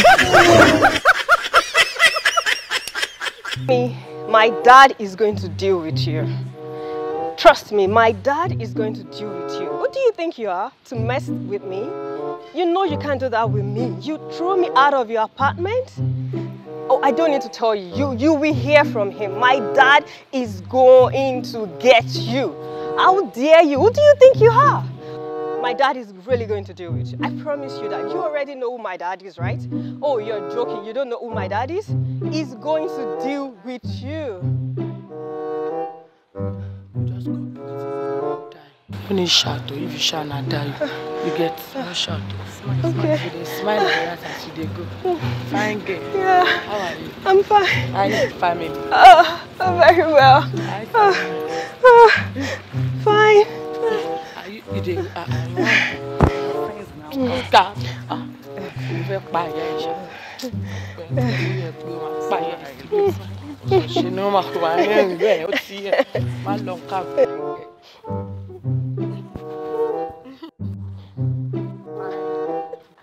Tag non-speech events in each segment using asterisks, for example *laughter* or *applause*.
me, my dad is going to deal with you. Trust me, my dad is going to deal with you. Who do you think you are to mess with me? You know you can't do that with me. You threw me out of your apartment. Oh, I don't need to tell you. You, you will hear from him. My dad is going to get you. How dare you? Who do you think you are? my dad is really going to do it. I promise you that. You already know who my dad is, right? Oh, you're joking. You don't know who my dad is? He's going to deal with you. Just go Only shout if you shout not die, you get no shout. Smile, okay. smile. smile like that as you they go. Fine girl. Yeah. How are you? I'm fine. I need family. Oh, I'm very well. I ìdè ká ah, ah, ah, mo fẹ́ pa ìyá ìṣá mo yẹ pé pa ìyá ìṣá ṣe máa ti yẹ má lọ ká bẹ́ẹ̀.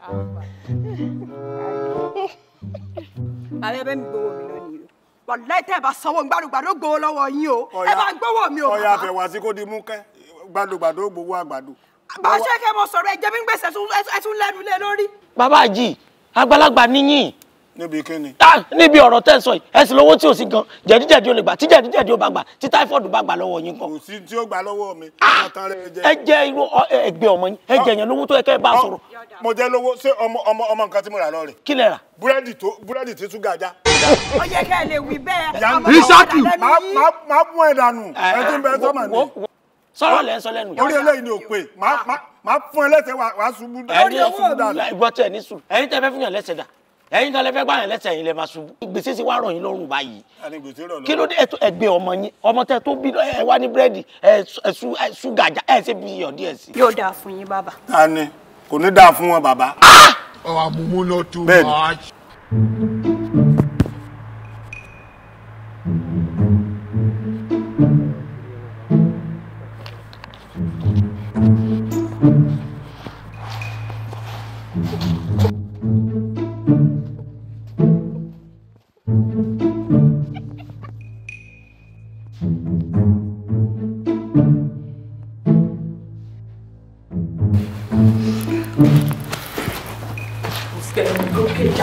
Bàbá ẹ mi gbowó mi lónìí o. Wàlúùláì tẹ́ bá sanwó gbàdúgbàdú gbowó lọ́wọ́ yín o. Ẹ bá gbowó mi o. Ọ̀ya àfẹ̀wá sí kó di mú kẹ́ gbàdògbàdò gbowó àgbàdo. bá a ṣe kẹ́ mo sọ̀rọ̀ ẹ̀jẹ̀ mi ń gbèsè ẹ̀sùn lẹ́nu lé lórí. bàbá àjì àgbàlagbà níyìn. níbi kíni. Ah, níbi ọ̀rọ̀ tẹ́ ẹ sọ yìí ẹ sì lówó tí ò sí gan jẹ̀díjẹ̀dí ò lè gbà tí jẹ̀díjẹ̀dí ò bá gbà tí táífọ̀dù bá gbà lọ́wọ́ yín kan. kò tí ó gbà lọ́wọ́ mi. Ah, ẹ jẹ irú ẹgbẹ́ ọmọ yín ẹ jẹ yẹn lówó tó yẹ kẹ́ ẹ bá sọ̀rọ̀. mo jẹ lówó ṣé ọmọ ọmọ ọmọ nǹkan tí mo rà lọ rè. kí lẹ rà. búrẹ́dì tó búrẹ́dì tí tún gàjà. ó yẹ kẹ́ ẹ lè wí bẹ́ẹ̀. ìṣáàkì máa mú ẹ̀ dànù eh, ẹ sọ̀rọ̀ lẹ́ ń sọ lẹ́nu. orí eléyìí ni ò pé máa ah. fún ẹ lẹ́sẹ̀ wàá ṣubú ẹni ẹ ṣubú dáadáa ìgbọ́ ní sùn ẹni tẹ fẹ́ fún yàn lẹ́sẹ̀ dà ẹ̀yin tó fẹ́ gbàyàn lẹ́sẹ̀ yìí lè máa ṣubú gbèsè sì wá ràn yín lọ́rùn báyìí kí ló dé ẹgbẹ́ ọmọ yín ọmọ tẹ tó bí ẹ wá ní búrẹ́dì ẹ ṣúgà já ẹ ṣe bí iyọ̀ díẹ̀ sí. yóò dáa fún yín bàbá. ta ni kò ní dáa fún wọn bàbá. ọ̀hún àmúmú náà tún máa. English,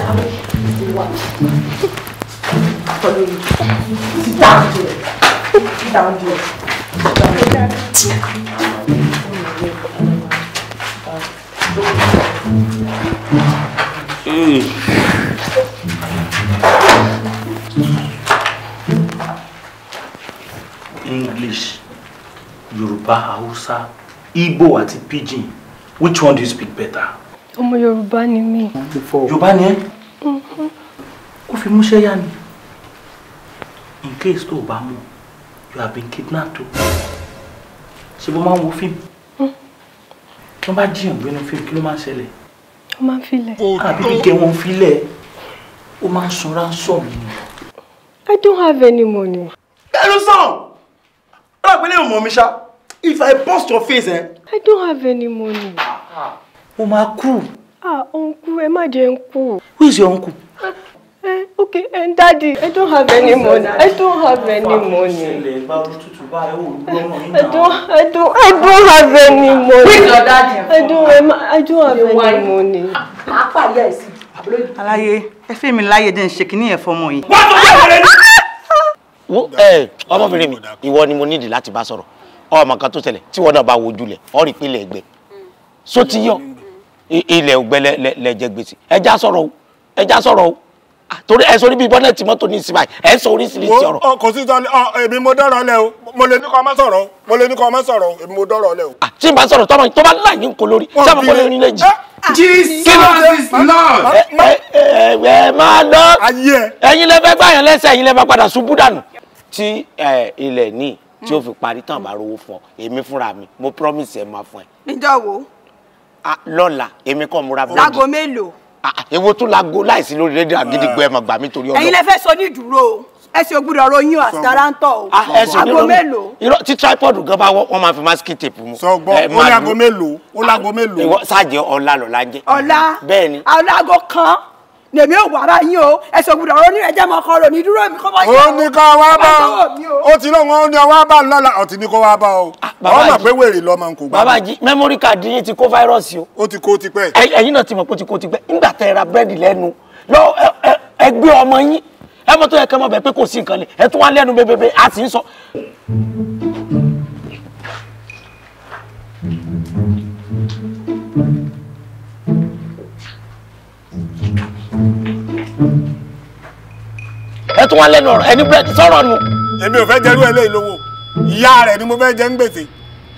Yoruba, Hausa, Igbo àti Pidgin. Which one do you speak better? ọmọ yorùbá ni mí. yorùbá ni ẹ́ mm-hmm. ó fi múṣẹ́ yá ni in case tó o bá mọ̀ you have been kidnapped o ṣe bó máa ń wo fíìmù mm. tí wọ́n bá jiyàn gbénu fíìmù kí ló máa ń ṣẹlẹ̀ ó máa ń filẹ̀ àbí gígé wọn filẹ̀ ó máa ń sun ransom ni. I don't have any money. ẹnu sàn ọlọpàá ilé ìmọ̀ mi ṣá if I burst your face. Eh? I don't have any money. Ah, ah o máa kú. ah uncle ẹ má jẹ́ n who is your uncle. Ah, eh, okay, and eh, daddy, I don't have any money. I don't have any money. I don't, I don't, I don't have any ah, money. With your daddy. I don't, I don't have any money. Ah, Aláyé, ẹ fẹ́ mi láyé jẹ́ n ṣe kíní ẹ̀ fọmọ yìí. Wọ́n tó wà lẹ́nu. Wo ẹ ọmọbìnrin mi, ìwọ ni mo nídìí láti bá sọ̀rọ̀. Ọmọ kan tó ṣẹlẹ̀ tí wọn náà bá wojú lẹ̀, ọ rí pínlẹ̀ ẹgbẹ́. Só ti yọ ilẹ̀ ògbẹ́ lẹ́jẹ̀ gbèsè ẹja sọ̀rọ̀ o ẹja sọ̀rọ̀ o ah, torí ẹ sori bíi bọ́nẹ̀tì mọ́tò ní ìsinmi ẹ sọ oríṣiríṣi ọ̀rọ̀. kò sí sọ èmi mo dọ̀rọ̀ lẹ o mo lè ní kọ́ ọ má sọ̀rọ̀ o mo lè ní kọ́ ọ má sọ̀rọ̀ o èmi mo dọ̀rọ̀ lẹ o. Ah, tí n bá sọ̀rọ̀ tọ́mọ tó bá ń láyé ńkọ lórí tí a máa kọ́ lórí ilé jì. Ah. Jesus is Lord. Eh, eh, eh, ẹ máa lọ ẹ̀yin lẹ fẹ́ gbà yẹn lẹ́sẹ̀ ẹ̀yin lẹ fẹ́ padà ṣubú dànù. tí ilẹ̀ ní tí ó fi parí tán bá rówó fún ọ èmi fúnra mi mo promise ẹ máa fún ẹ. níjọ́ wo Ah, lọ́la èmi kàn múra búrẹ́dì. lágo mélòó. èwo ah, ah, tún lago láìsí lórí rédíò àgídìgbò ẹ mà gbà mí torí ọlọ. ẹ̀yin lè fẹ́ sọ ní ìdúró ẹ sì gbúdọ̀ ọ̀rọ̀ yín àsìkárántọ̀ o àgọ́ mélòó. irọ́ tí tripod gan bá wọ́n máa fi masking tape mu. sọgbọ́n ó lágo mélòó ó lágo mélòó. sáàjẹ ọ̀la lọ́la ń jẹ́. ọ̀la bẹ́ẹ̀ni. ọ̀làgọ́ kan lèmi ò wá bá yín o ẹ sọ gbúdọ̀ ọ̀rọ̀ ní ẹjẹ́ mọ kọ́ lónìí dúró mi kọ́ bá yín. ó ní kó wá bá o ó ti lóun ó ní ọwá bá lọ́la ó ti ní kó wá bá o bàbá mà pé wèrè lọ́mọ kò gbà. bàbá jí mẹ́mórì káàdì yín ti kó fáírọ́ọ̀sì o. ó ti kó ti pẹ́. ẹ̀yin náà ti mọ̀ pé ó ti kó ti pẹ́ nígbà tẹ́ ra búrẹ́dì lẹ́nu lọ ẹgbẹ́ ọmọ yín ẹ mọ tó yẹ kẹ́ mọ bẹ̀ pé kò sí nǹkan lẹ̀ ẹ tún wá lẹ́nu bẹ́ẹ̀bẹ́ẹ́ a sì ń sọ. ẹ tún wá lẹ́nu ọ̀rọ̀ ẹni búrẹ́dì sọ̀rọ̀ nù. èmi ò fẹ́ jẹ́rú ẹ lé ìlówó ìyá rẹ̀ ni mo fẹ́ jẹ́ ń gbèsè.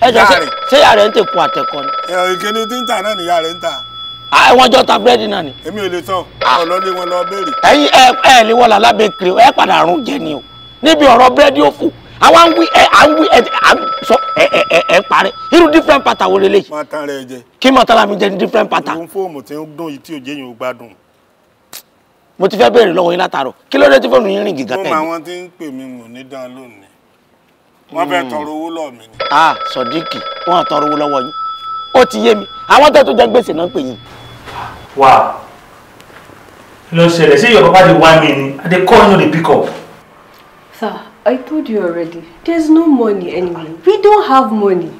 ẹ jọ ṣé ìyá rẹ̀ ń tèkun àtẹ̀kọ ni. ìkíni tí ń tà náà nìyá rẹ̀ ń tà. àwọn jọ ta búrẹ́dì náà ni. èmi ò lè sọ ọlọ́lé wọn lọ béèrè. ẹ̀yin ẹ ẹ lè wọlé alábẹ́kiri ẹ padà àrùn jẹ ni o níbi ọ̀rọ̀ búrẹ́dì òfò àwọn ń wí ẹ à ń wí ẹ à ń sọ ẹ ẹ ẹ ẹ ń parẹ́ irú different pattern wo lélẹ́yìí. máa tán rẹ jẹ. kí máa tán ra mi jẹ ní different pattern. òun fóòmù tí ń dùn yìí tí òjé yìí ò gbádùn mo ti fẹ́ béèrè lọ́wọ́ yín látàárọ̀ kí ló dé tí fóònù yín rìn gìgá tẹ̀lé. mo máa wọn ń pè mí mò ní dán lónìí wọ́n fẹ́ hmm. tọrọ owó lọ́ọ̀ mi ni. a sọdíkì wọn tọrọ owó lọ́wọ́ yín ó ti yé mi àwọn tó tó jẹ gbèsè náà pè yín. wà á lọ ṣẹlẹ̀ ṣé your papa dey whine me ni i dey call you dey pick up. sir i told you already there's no money anyway we don't have money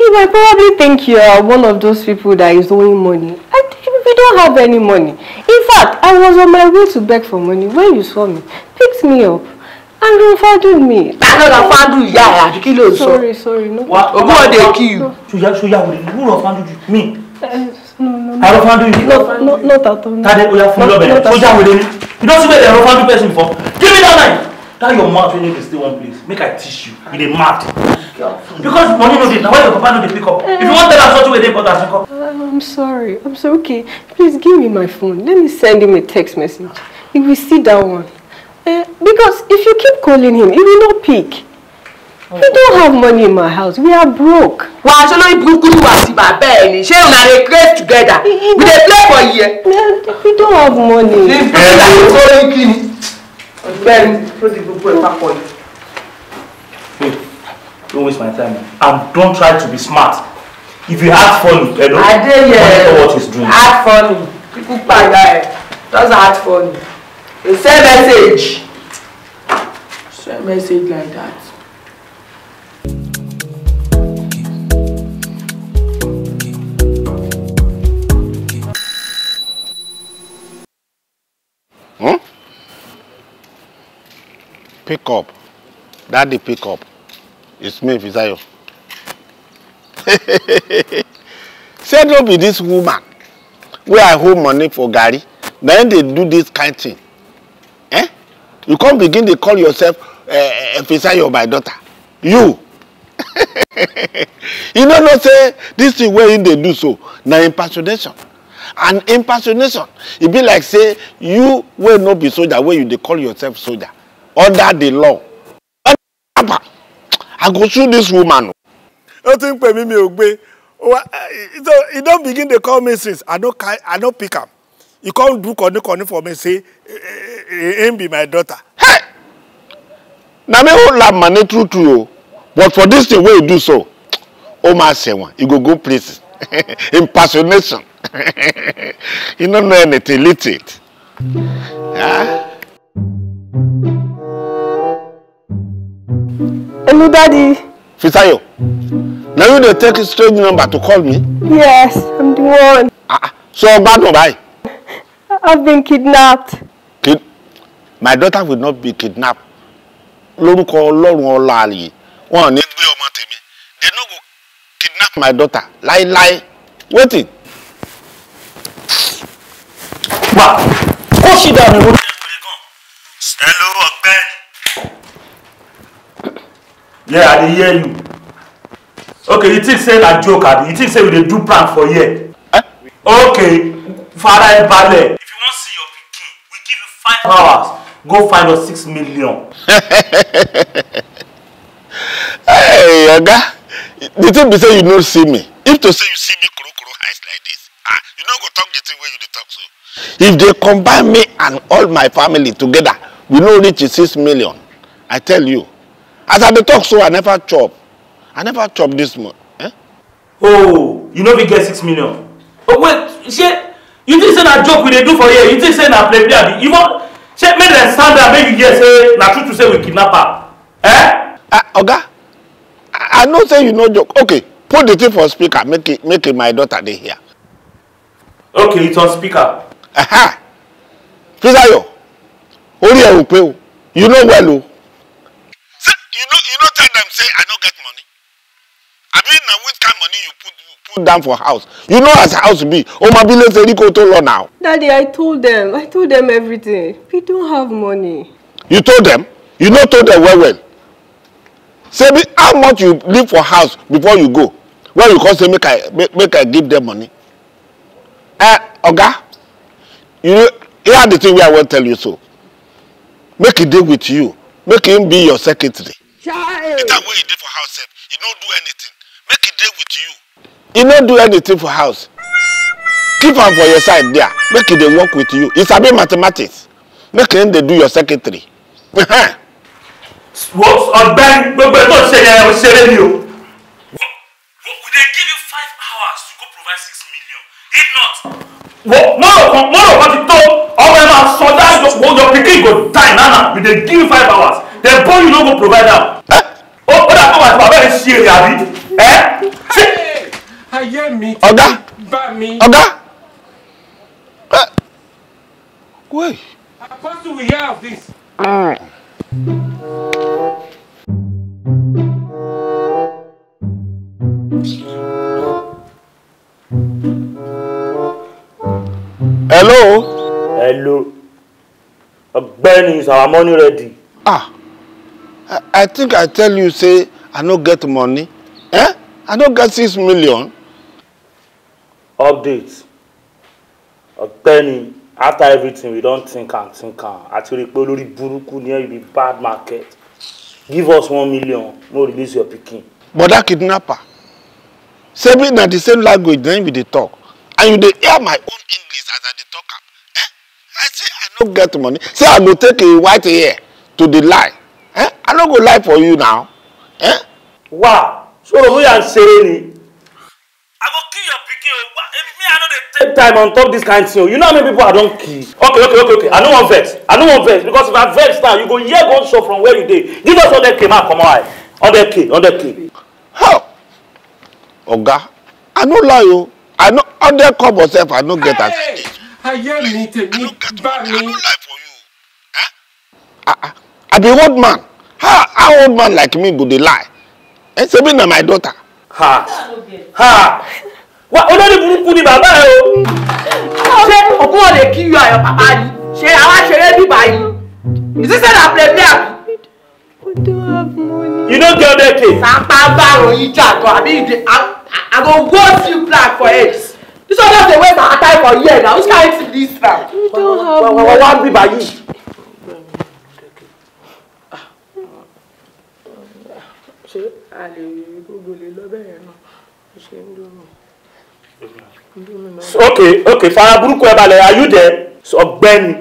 you may probably think you are one of those people that is owing money i think we don't have any money in fact i was on my way to beg for money when you saw me picked me up Alo fadu mi. Alola fadu ya ẹ àti kí ló sọ. Sorry sorry no. Wa ogun ọdẹ kí you. Ṣùyà ṣùyà wò lè wúrọ̀ fadu jù mí. Alo fadu yìí. No no tato. Tade oya fún lọ́bẹ̀ sójà wèrè ni. You don see where the aro fadu person for. Give me that knife. That your mouth wey no dey stay one place make I teach you. You dey mad. Because money no dey na why your papa no dey pick up. If you wan tell am something wey dey important you come. Uh, I'm sorry. I'm sorry. Okay, please give me my phone. Let me send him a text message. He will see that one. Because if you keep calling him, he will not pick. We oh. don't have money in my house. We are broke. Wa aṣọ lórí broke, ni wàá ti bàbá She ní. Ṣé una dey together? We dey play for here. We don't have money. Ní bíríkà ló kó ní kí ni. Ọ̀gbẹ́ni tó di gbogbo ẹ̀ don't waste my time. And don't try to be smart. If you act funny, I eh, don't know what he's doing. Act funny. People pàdé ẹ̀. Just act funny. The same message message like that. Huh? Hmm? Pick up. Daddy pick up. It's me, Fisayo. *laughs* Say no be this woman where I hold money for Gary. Then they do this kind of thing. Eh? You can't begin, to call yourself Emphasize Fisayo my daughter you *laughs* you no know say this thing wey you dey do so na impersonation and impersonation e be like say you wey no be soldier wey you dey call yourself soldier under the law under i go sue this woman. ó ti ń pè mí mi ò gbé eh, he don begin dey call me since i no i no pick am he come do kọ́ni kọ́ni for me say eh, eh, him be my daughter. Hey! na me whole life money true true o oh. but for this thing wey you do so o ma sẹwọn e go go places *laughs* impersonation *laughs* you no know anything little. Huh? Ah. Hello, Daddy. Fisayo, Na you dey take strange number to call me? Yes, I'm the one. Ah, so bad no buy? I've been kidnapped. Kid? My daughter will not be kidnapped lórúkọ ọlọ́run ọlá àlè wọn ò gbé ọmọ tèmi they no go kidnap my daughter láéláé wetin. wà kó sì dànù ìwé. ẹ lórú ọgbẹ́. yeah i dey hear you okay you think say na joke abi you think say we dey do prank for here. Eh? okay fara ẹ balẹ̀. if you wan see your pikin we give you five hours go find us six million. *laughs* hey oga the thing be say you no see me if to say you see me kurukuru eyes like this ah you no go talk the thing wey you dey talk so. if they combine me and all my family together we no reach six million i tell you as i dey talk so i never chop i never chop this month. Eh? oh you no fit get six million. oh wait shey you think say na joke we dey do for here you think say na play play abi you for say make dem stand there make you hear say na true true say we kidnap am eh. Ah, oga i know say you no joke okay put the thing for speaker make it make it my daughter dey hear. okay it's on speaker. fisayo orí ẹ ò pé o you know well o. say you no you no tell dem say i no get money abi na which kind money you put put down for house you know as house be o ma bí lẹ́sẹ̀ rí now. daddy i told them i told them everything we don't have money. you told them you no told them well well sebi how much you leave for house before you go when you come say make i make, make i give them money eh oga you here hear the thing wey i will tell you so make a deal with you make him be your secretary. Child. That way he did for house sef e no do anything make a deal with you e no do anything for house keep am for your side there make e dey work with you e sabi mathematics make him e dey do your secretary. ọgbẹ́ni gbogbo ẹ̀ tó ṣe yẹn ò ṣeré ni o. we dey give you five hours to go provide six million if not. wọ́n rò wọ́n ti tó ọmọ ẹ máa sọ that your pikin go die nana we dey give you five hours then boy you no go provide am. ó dà pé wàá ti bàbá rẹ̀ ṣe èrè àbí ayé mi ọ̀gá ọ̀gá. Wait. Apostle, we hear of this. Hello. Hello. Hello. is our money ready. Ah, I, I think I tell you say I no get money. Eh? I no get six million update ọ̀gbẹ́ni after everything we don think and think am àti rí i pé olórí ni you bad market give us one million no release your pikin. bọ̀dá kidnapper sebi na the same language na him be dey talk and you dey hear my own english as i dey talk am eh i say i no get money say i go take a white hair to dey lie eh i no go lie for you now. Eh? wá sọ̀rọ̀ bóyá ń ṣeré ni spend time on top this kind thing you know how many people i don kill. okay okay okay okay i don't want vex i don't want vex because if i vex now you go hear show from where you dey give us all that hundred k ma comot eye hundred k hundred k. oga i no lie you. i no hundred come sef i no get as. ayé mi tèmi bá mi. i lie for you. Eh? I be old man how how old man like me go dey lie And eh, Sabina, my daughter. ha ha wa olórí burúkú ni bàbá ẹ o. ṣé òkú wọn lè kí yọ àyọ bàbá yìí ṣé àwa ṣeré bí báyìí ìṣiṣẹ́ náà pèlè bí àbí. you no get that thing. sápá bárò yìí jà tó àbí ìdè i go go see black for eggs. this one just dey waste our time for here na which kind thing dis na. wà wà wà bí báyìí. ṣé a lè rí gbogbo lè lọ bẹ́ẹ̀ náà ṣe ń dúró okay okay Father, burúkú ẹ balẹ̀ are you there so ọ̀gbẹ́ni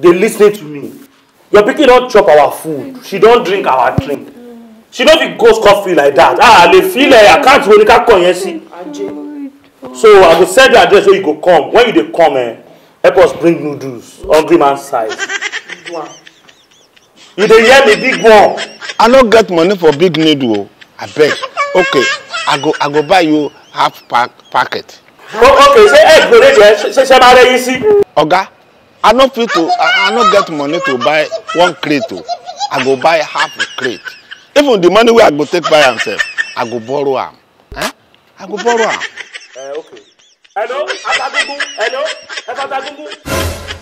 they listening to me your pikin don't chop our food she don't drink our drink she no eat ghost coffee like that ah le feel I can't wey nika kàn yẹn sí so i will send you address where you go come when you come eh help us bring noodles hungry man size you don't hear me big one. i no get money for big noodle oh. I beg. okay i go i go buy you half pack packet. Okay. ok ṣé ẹgbẹ̀rẹ̀ jẹ́ ṣe máa rẹ yín sí. ọ̀gá i no fit to i no get money to buy one crate o i go buy half a crate even the money wey i go take buy am sef i go borrow am eh? i go borrow am. ẹ eh, Okay. hello atagungun hello ẹ fata gungun.